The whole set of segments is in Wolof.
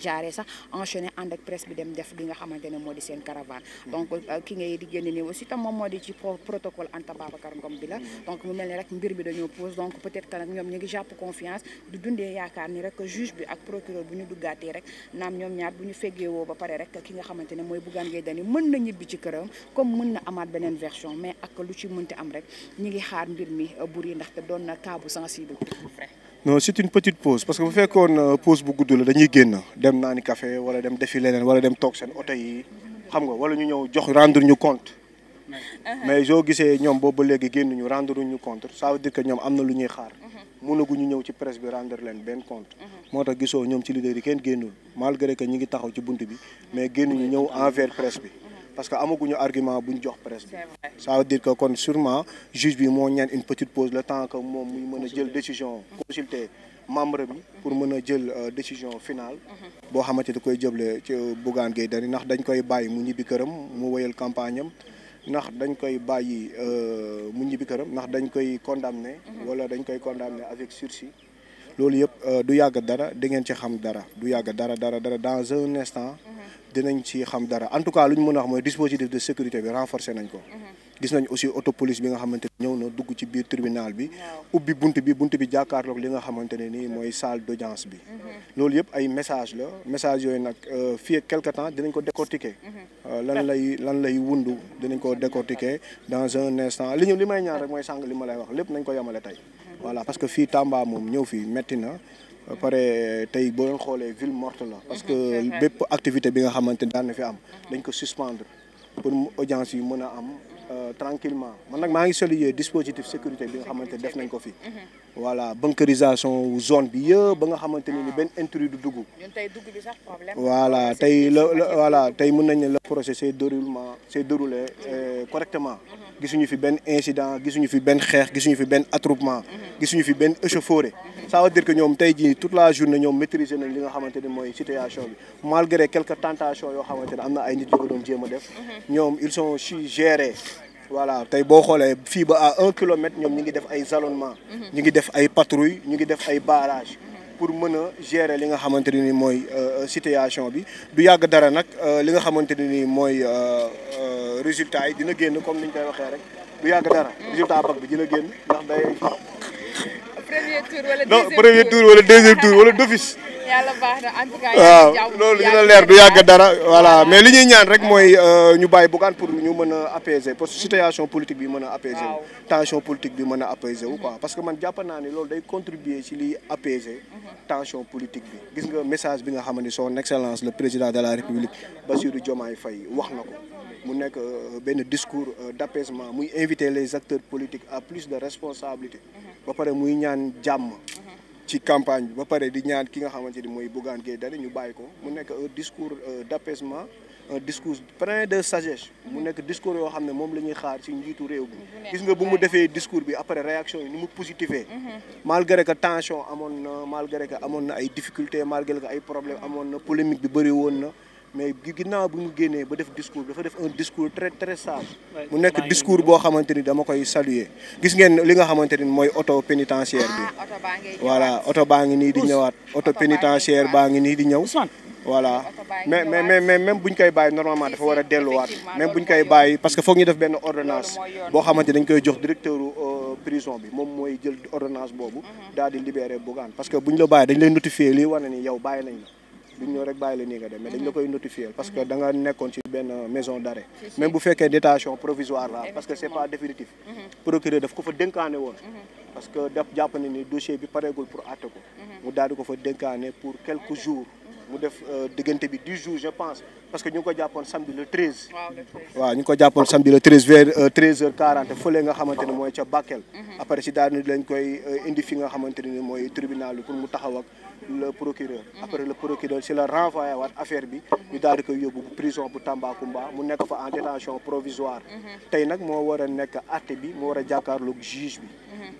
jaaree sax enchaîné ànd ak presse bi dem def li nga xamante ne moo di seen caravane donc euh, ki ngay di génn nii aussi tam moom moo di ci protocole Anta Babacar Ngom bi la donc mu mel ni rek mbir bi dañoo pose donc peut-être que nag ñoom ñu ngi jàpp confiance du dundee yaakaar ni rek juge bi ak procureur bu ñu duggaatee rek naam ñoom ñaar bu ñu feggeewoo ba pare rek ki nga xamante ne mooy Bougane Gueye Dany mën na ñibbi ci këram comme mën na amaat beneen version mais ak lu ci mënti am rek ñi ngi xaar mbir mi euh, buri ndaxte doon na cas bu sensible non c'est une petite pause parce que bu fekkoon euh, pause bu gudd la dañuy génn dem naani café wala dem defi leen wala dem toog seen oto yi xam nga wala ñu ñëw jox rendre ñu compte uh-huh. mais soo gisee ñoom boobu ba léegi génn ñu rendre ñu compte ça veut dire que ñoom am na lu ñuy xaar uh-huh. mënaguñu ñëw ci presse bi rendre leen benn compte uh-huh. moo tax gisoo ñoom ci leader yi kenn génnul malgré que ñu ngi taxaw ci bunt bi mais génn ñu ñëw envers presse bi parce que amaguñu argument bu ñu jox presse bi. ça veut dire que kon sûrement juge bi moo ñaan une petite pause le temps que moom muy mën a jël décision consulter membre bi pour mën a jël euh, décision finale. Mhm. boo xamante da koy jëble ci euh, Bougane Gueye Dany ndax dañ koy bàyyi mu ñibbi këram mu wéyal campagne am ndax dañ koy bàyyi euh, mu ñibbi këram ndax dañ koy condamné. Mhm. wala dañ koy condamné avec sursis. loolu yëpp euh, du yàgg dara di ngeen ci xam dara du yàgg dara dara dara dans un instant mhm. dinañ ci xam dara en tout cas lu ñu mën a wax mooy dispositif de sécurité bi renforcé nañ ko mhm. gis nañ aussi auto police bi nga xamante ne ñëw na dugg ci biir tribunal bi ubbi bunt bi bunt bi jàkkaarloog li nga xamante ne nii mooy salle d'audience bi mhm. loolu yëpp ay message la message yooyu nag euh, fii ak quelque temps dinañ ko décortiquer euh, lan lay lan lay wundu dinañ ko décortiquer dans un instant li ñu li may ñaan rek mooy sàng li ma lay wax lépp nañ ko yemale tey voilà parce que fii Tamba moom ñëw fii metti na ba pare tey boo xoolee ville morte parce que bépp activité bi nga xamante daan na fi am dañ ko suspendre pour audience yi mën a am Euh, tranquillement man nag maa ngi saluer dispositif sécurité bi nga xamante def nañ ko fi. voilà bunkerisation zone bi yëpp ba nga xamante ni benn intrus du dugg. ñun tey dugg bi sax tey la mën nañ ne le procès s'est déroulement s'est déroulé euh, correctement. Mhm. gisuñu fi benn incident gisuñu fi benn xeex gisuñu fi benn attroupement. gisuñu fi benn échauffourée. Mhm. ça veut dire que ñoom tey jii toute la journée ñoom maîtriser nañ li nga xamante ni mooy situation bi malgré quelques tentation yoo xamante ne am na ay nit yu doon jéem def. Mhm. ñoom ils su gérés. voilà tey boo xoolee fii ba à un kilomètre ñoom ñu ngi def ay jalonnement mhm. ñu ngi def ay patrouille ñu ngi def ay barage pour mën a gérer li nga xamante ne ni mooy euh, euh, situation bi du yàgg dara nag euh, li nga xamante ne ni mooy résultat yi dina génn comme ni ñu koy waxee rek du yàgg dara résultat bac bi dina génn ndax day. premier tour wala deuxième tour non premier tour tour wala d'office. yàlla baax na en waaw loolu dina leer du yàgg dara voilà mais li ñuy ñaan rek mooy euh, ñu bàyyi Bougane pour ñu mën a apaiser parce que situation politique bi mën a apaiser wu tension politique bi mën a parce que man jàpp naa day contribuer ci liy apaiser mhm. tension politique gis nga message bi nga xam ne son excellence le président de la république Bassirou Diomaye fay wax na ko mu nekk euh, benn discours euh, d'apaisement muy inviter les acteurs politiques à plus de responsabilité mhm. ba pare muy ñaan jàmm ci campagne bi ba pare di ñaan ki nga xamante ni mooy Bougane Gueye Dany ñu bàyyi ko mu nekk un discours euh, d'apaisement un discours plein de sagesse mu nekk discours yoo xam ne moom la ñuy xaar ci njiitu réew bi gis nga bu mu defee discours bi après réaction yi ni mu positifee mm-hmm. malgré que tension amoon na malgré que amoon na ay difficultés malgré que ay problème amoon na polémique bi bëri woon na mais naa bu ñu génnee ba def discours dafa def un discours très très sage. mu nekk discours boo xamante ni dama koy saluer. gis ngeen li nga xamante ni mooy auto pénitentiaire bi. Ah, voilà auto baa ngi nii di ñëwaat. auto pénitentiaire baa ngi nii di ñëw. voilà mais mais mais même bu ñu koy bàyyi normalement dafa war a delluwaat même bu ñu koy bàyyi parce que foog ñu def benn ordonnance boo xamante dañ koy jox directeur euh, prison bi moom mooy jël ordonnance boobu mhm. daal di libérer Bougane parce que bu ñu la bàyyi dañ lay notifier ni yow bàyyi nañ duñ rek bàyyi nii nga dem mais dañ la mhm. koy notifier parce que mhm. da nekkoon ci benn maison d'arrêt même bu fekkee détention provisoire la parce que c'est pas définitif mhm. procureur daf ko fa dénkaane woon parce que daf jàpp ne ni bi pareegul pour àtte ko mu daal ko fa dénkaane pour quelques jours mu def euh, diggante bi 10 jours je pense parce que ñu ngi ko jàppoon samedi le 13. waaw ñu ngi ko jàppoon samedi le 13 vers 13h40 euh, fële nga xamante ne mooy ca Bakel. Mhm. après si daal lañ koy euh, indi fi nga xamante ne mooy tribinal bi pour mu taxaw ak procureur. Mhm. après le procureur si la renvoyé waat affaire bi ñu daal di koy yóbbu prison bu Tambacounda mu nekk fa en détention provisoire. Mhm. tey nag moo war a nekk àtte bi moo war a jàkkaarloog juge bi.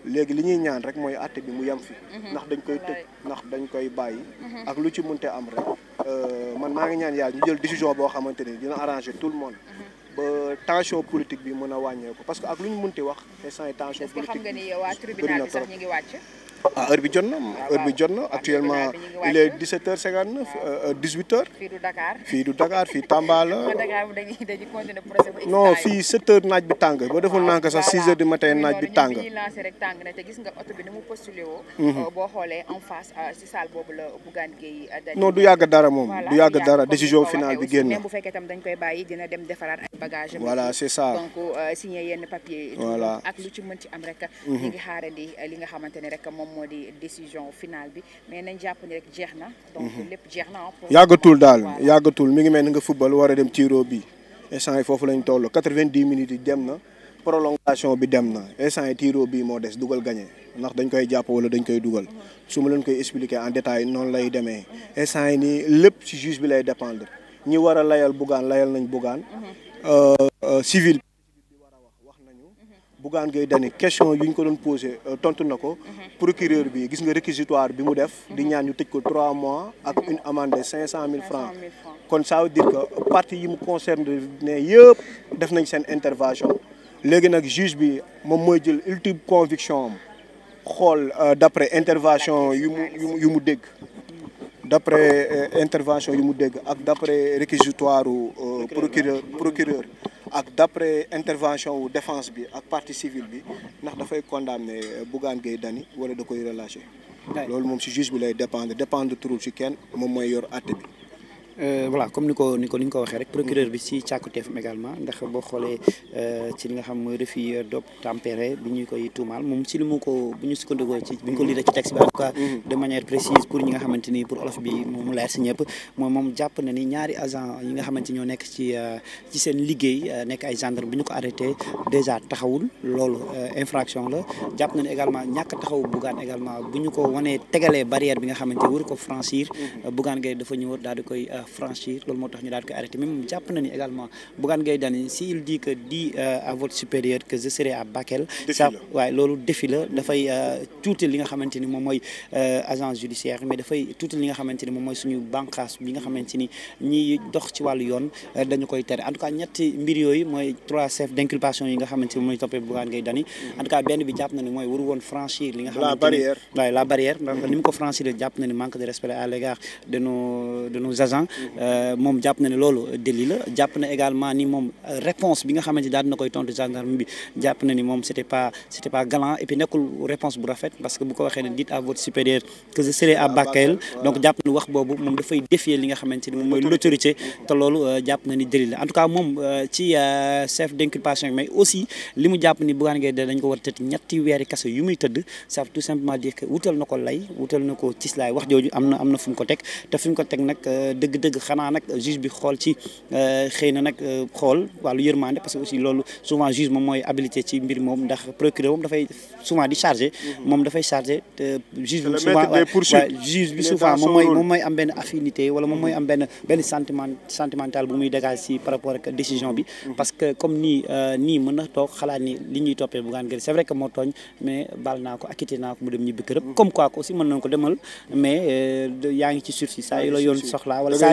léegi li ñuy ñaan rek mooy àtte bi mu yem fi mhm. ndax dañ koy tëj ndax dañ koy bàyyi mhm. ak lu ci mun mënte am rek euh, man maa ngi ñaan yàlla ñu jël décision boo xamante ni dina arranger tout le monde mhm. ba tension politique bi mën a wàññeeku parce que ak lu ñu mënte wax instant yi tension politique bi bëri na trop ah heure bi jot na heure bi jot na actuellement il est 17h59 18h. Euh, euh, fii du Dakar fii du Dakar fii Tamba la. non fii 7h naaj bi tàng ba deful naa ko sax 6h du matin naaj bi tàng. ñuy na te gis nga oto bi ni mu mhm. euh, boo xoolee en face si salle boobu la Bougane Gueye. non du yàgg dara moom du yàgg dara décision finale bi génn. bu fekkee tam dañ koy bàyyi dina dem defaraat ay bagages. voilà c'est ça signé yenn papier. voilà ak lu ci mën moo di décision finale bi mais nañ jàpp ni rek jeex na. donc mhm. lépp na yàggatul daal yàggatul mi ngi mel ni nga football war a dem tiro bi instant yi foofu lañ toll quatre-vingt-dix minutes dem na prolongation bi dem na instant yi tiro bii moo des dugal gagné ndax dañ koy jàpp wala dañ koy dugal su ma leen koy expliqué en détail noonu lay demee instant yi nii lépp ci juge bi lay dépendre ñi war a layal bugaan layal nañ bugaan mhm. euh, euh, civil. Bougane Gueye Dany question yu ñu ko doon posé euh, tontu na ko procureur bi gis nga réquisitoire bi mu def di ñaan ñu tëj ko trois mois ak une amende de cinq cent mille francs kon ça veut dire que partie yi mu concerne ne yëpp def nañ seen intervention léegi nag juge bi moom mooy jël ultime conviction am xool euh, d'après intervention yu mu yu mu dégg d'après euh, intervention yu mu dégg ak d'après réquisitoire procureur procureur ak d'après intervention wu défense bi ak partie civile bi ndax dafay condamné euh, Bougane Gueye Dany wala da koy relâché loolu moom si juge bi lay dépendre dépendre turul si kenn moom mooy yor àtte bi Euh, voilà comme ni ko ni ko ni nga ko waxee rek procureur bi si càkkuteefam également ndax boo xoolee euh, ci li nga ko bu ñu sukkandikoo ci bi ñu ko liiree ci texte bi en tout mm-hmm. xamante ni pour olof bi mu yi nga xamante ñoo nekk ci euh, ci seen liggéey nekk ay gendre bu ñu ko arrêté déjà taxawul loolu infraction la jàpp na ni également ñàkk taxaw Bougane également bu ñu ko wanee tegalee barrière bi nga xamante wër ko franchir mm-hmm. Bougane Gueye dafa ñëw daal koy franchir loolu moo tax ñu daal ko arrêté même jàpp na ni également Bougane Gueye Dany si il dit que dit euh, à votre que je serai à Bakel waaye loolu défi dafay euh, tuuti li nga xamante ni moom mooy euh, agence judiciaire mais dafay tuuti li nga xamante ni moom mooy suñu bànqaas bi nga xamante ni ñiy dox ci wàllu yoon dañu koy tere en tout ñetti mbir yooyu mooy trois chefs d'inculpation yi nga xamante ni mooy toppee Bougane Gueye Dany en benn bi jàpp na ni mooy waru woon franchir li nga xamante la barrière ni Euh, moom jàpp na ne loolu délit la jàpp na également ni moom réponse bi nga xamante daal dina koy tontu gendarme bi jàpp na ni moom c'était pas c'était pas et puis nekkul réponse bu rafet parce que bu ko waxee ne dites à supérieur que je serai à donc jàpp na wax boobu moom dafay défier li nga xamante ni moom mooy l'autorité te loolu euh, jàpp na ni délit la en tout cas moom euh, ci chef d'inculpation mais aussi li mu jàpp ni Bougane Gueye dañ ko war tëdd ñetti weeri dëgg xanaa nag juge bi xool ci euh, xëy na nag euh, xool wàllu yërmande parce que aussi loolu souvent juge moom mooy habilité ci mbir moom ndax procureur moom dafay souvent di chargé mhm. moom dafay chargé juge bi souvent juge bi souvent moom mooy moom mooy mhm. par mhm. comme nii euh, li ñuy toppee Bougane Gueye c'est vrai que moo tooñ mais baal saa